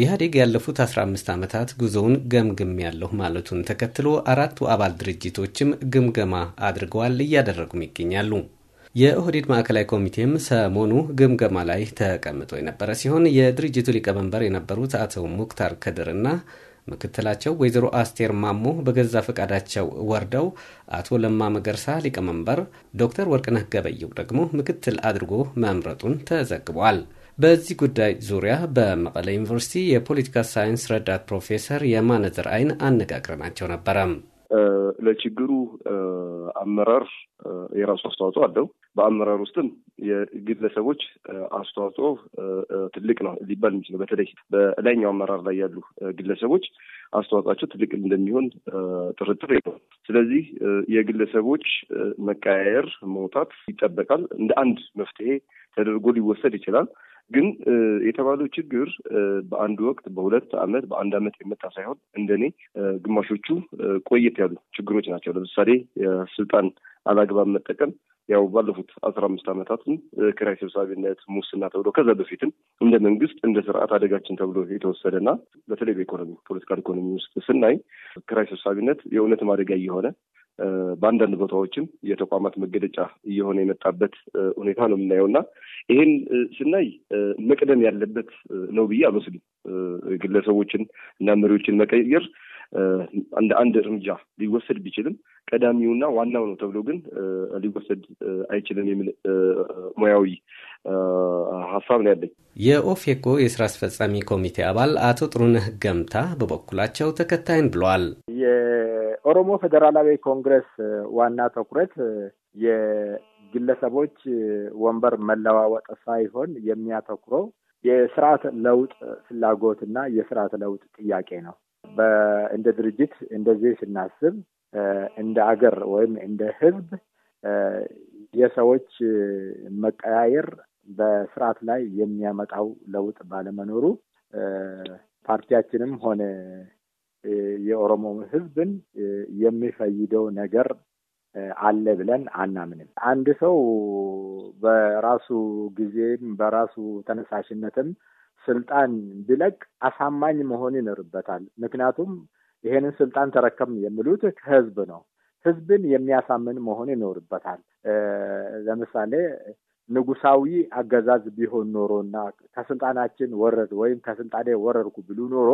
ኢህአዴግ ያለፉት 15 ዓመታት ጉዞውን ገምግም ያለሁ ማለቱን ተከትሎ አራቱ አባል ድርጅቶችም ግምገማ አድርገዋል፣ እያደረጉም ይገኛሉ። የኦህዴድ ማዕከላዊ ኮሚቴም ሰሞኑ ግምገማ ላይ ተቀምጦ የነበረ ሲሆን የድርጅቱ ሊቀመንበር የነበሩት አቶ ሙክታር ከድርና ምክትላቸው ወይዘሮ አስቴር ማሞ በገዛ ፈቃዳቸው ወርደው አቶ ለማ መገርሳ ሊቀመንበር፣ ዶክተር ወርቅነህ ገበየው ደግሞ ምክትል አድርጎ መምረጡን ተዘግቧል። በዚህ ጉዳይ ዙሪያ በመቀለ ዩኒቨርሲቲ የፖለቲካ ሳይንስ ረዳት ፕሮፌሰር የማነ ዝርአይን አነጋግረናቸው ነበረ። ለችግሩ አመራር የራሱ አስተዋጽኦ አለው። በአመራር ውስጥም የግለሰቦች አስተዋጽኦ ትልቅ ነው ሊባል የሚችለው በተለይ በላይኛው አመራር ላይ ያሉ ግለሰቦች አስተዋጽኦቸው ትልቅ እንደሚሆን ጥርጥር የለውም። ስለዚህ የግለሰቦች መቀያየር መውጣት ይጠበቃል። እንደ አንድ መፍትሄ ተደርጎ ሊወሰድ ይችላል። ግን የተባለው ችግር በአንድ ወቅት በሁለት ዓመት በአንድ ዓመት የመጣ ሳይሆን እንደኔ ግማሾቹ ቆየት ያሉ ችግሮች ናቸው። ለምሳሌ ስልጣን አላግባብ መጠቀም ያው ባለፉት አስራ አምስት ዓመታትም ክራይ ሰብሳቢነት፣ ሙስና ተብሎ ከዛ በፊትም እንደ መንግስት እንደ ስርዓት አደጋችን ተብሎ የተወሰደና በተለይ በኢኮኖሚ ፖለቲካል ኢኮኖሚ ውስጥ ስናይ ክራይ ሰብሳቢነት የእውነትም አደጋ እየሆነ በአንዳንድ ቦታዎችም የተቋማት መገለጫ እየሆነ የመጣበት ሁኔታ ነው የምናየው እና ይህን ስናይ መቅደም ያለበት ነው ብዬ አልወስድም። ግለሰቦችን እና መሪዎችን መቀየር እንደ አንድ እርምጃ ሊወሰድ ቢችልም ቀዳሚውና ዋናው ነው ተብሎ ግን ሊወሰድ አይችልም የሚል ሙያዊ ሀሳብ ነው ያለኝ። የኦፌኮ የስራ አስፈጻሚ ኮሚቴ አባል አቶ ጥሩነህ ገምታ በበኩላቸው ተከታይን ብለዋል። የኦሮሞ ፌዴራላዊ ኮንግረስ ዋና ትኩረት የግለሰቦች ወንበር መለዋወጥ ሳይሆን የሚያተኩረው የስርዓት ለውጥ እና የስርዓት ለውጥ ጥያቄ ነው። እንደ ድርጅት እንደዚህ ስናስብ እንደ አገር ወይም እንደ ሕዝብ የሰዎች መቀያየር በስርዓት ላይ የሚያመጣው ለውጥ ባለመኖሩ ፓርቲያችንም ሆነ የኦሮሞ ህዝብን የሚፈይደው ነገር አለ ብለን አናምንም። አንድ ሰው በራሱ ጊዜም በራሱ ተነሳሽነትም ስልጣን ቢለቅ አሳማኝ መሆን ይኖርበታል። ምክንያቱም ይሄንን ስልጣን ተረከም የሚሉት ህዝብ ነው። ህዝብን የሚያሳምን መሆን ይኖርበታል። ለምሳሌ ንጉሳዊ አገዛዝ ቢሆን ኖሮ እና ከስልጣናችን ወረድ ወይም ከስልጣኔ ወረድኩ ብሉ ኖሮ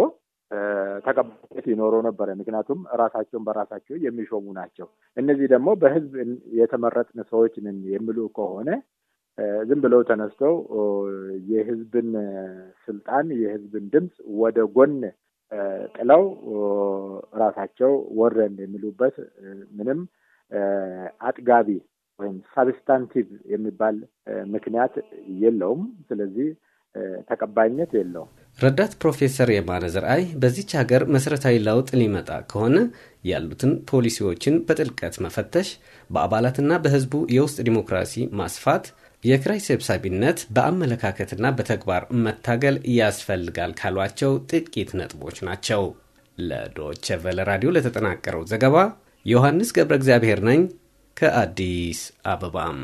ተቀባይነት ይኖረው ነበረ። ምክንያቱም ራሳቸውን በራሳቸው የሚሾሙ ናቸው። እነዚህ ደግሞ በህዝብ የተመረጥን ሰዎች ነን የሚሉ ከሆነ ዝም ብለው ተነስተው የህዝብን ስልጣን የህዝብን ድምፅ ወደ ጎን ጥለው ራሳቸው ወረን የሚሉበት ምንም አጥጋቢ ወይም ሳብስታንቲቭ የሚባል ምክንያት የለውም። ስለዚህ ተቀባይነት የለውም። ረዳት ፕሮፌሰር የማነ ዘርአይ በዚች ሀገር መሰረታዊ ለውጥ ሊመጣ ከሆነ ያሉትን ፖሊሲዎችን በጥልቀት መፈተሽ፣ በአባላትና በህዝቡ የውስጥ ዲሞክራሲ ማስፋት፣ የክራይ ሰብሳቢነት በአመለካከትና በተግባር መታገል ያስፈልጋል ካሏቸው ጥቂት ነጥቦች ናቸው። ለዶቸ ቨለ ራዲዮ ለተጠናቀረው ዘገባ ዮሐንስ ገብረ እግዚአብሔር ነኝ ከአዲስ አበባም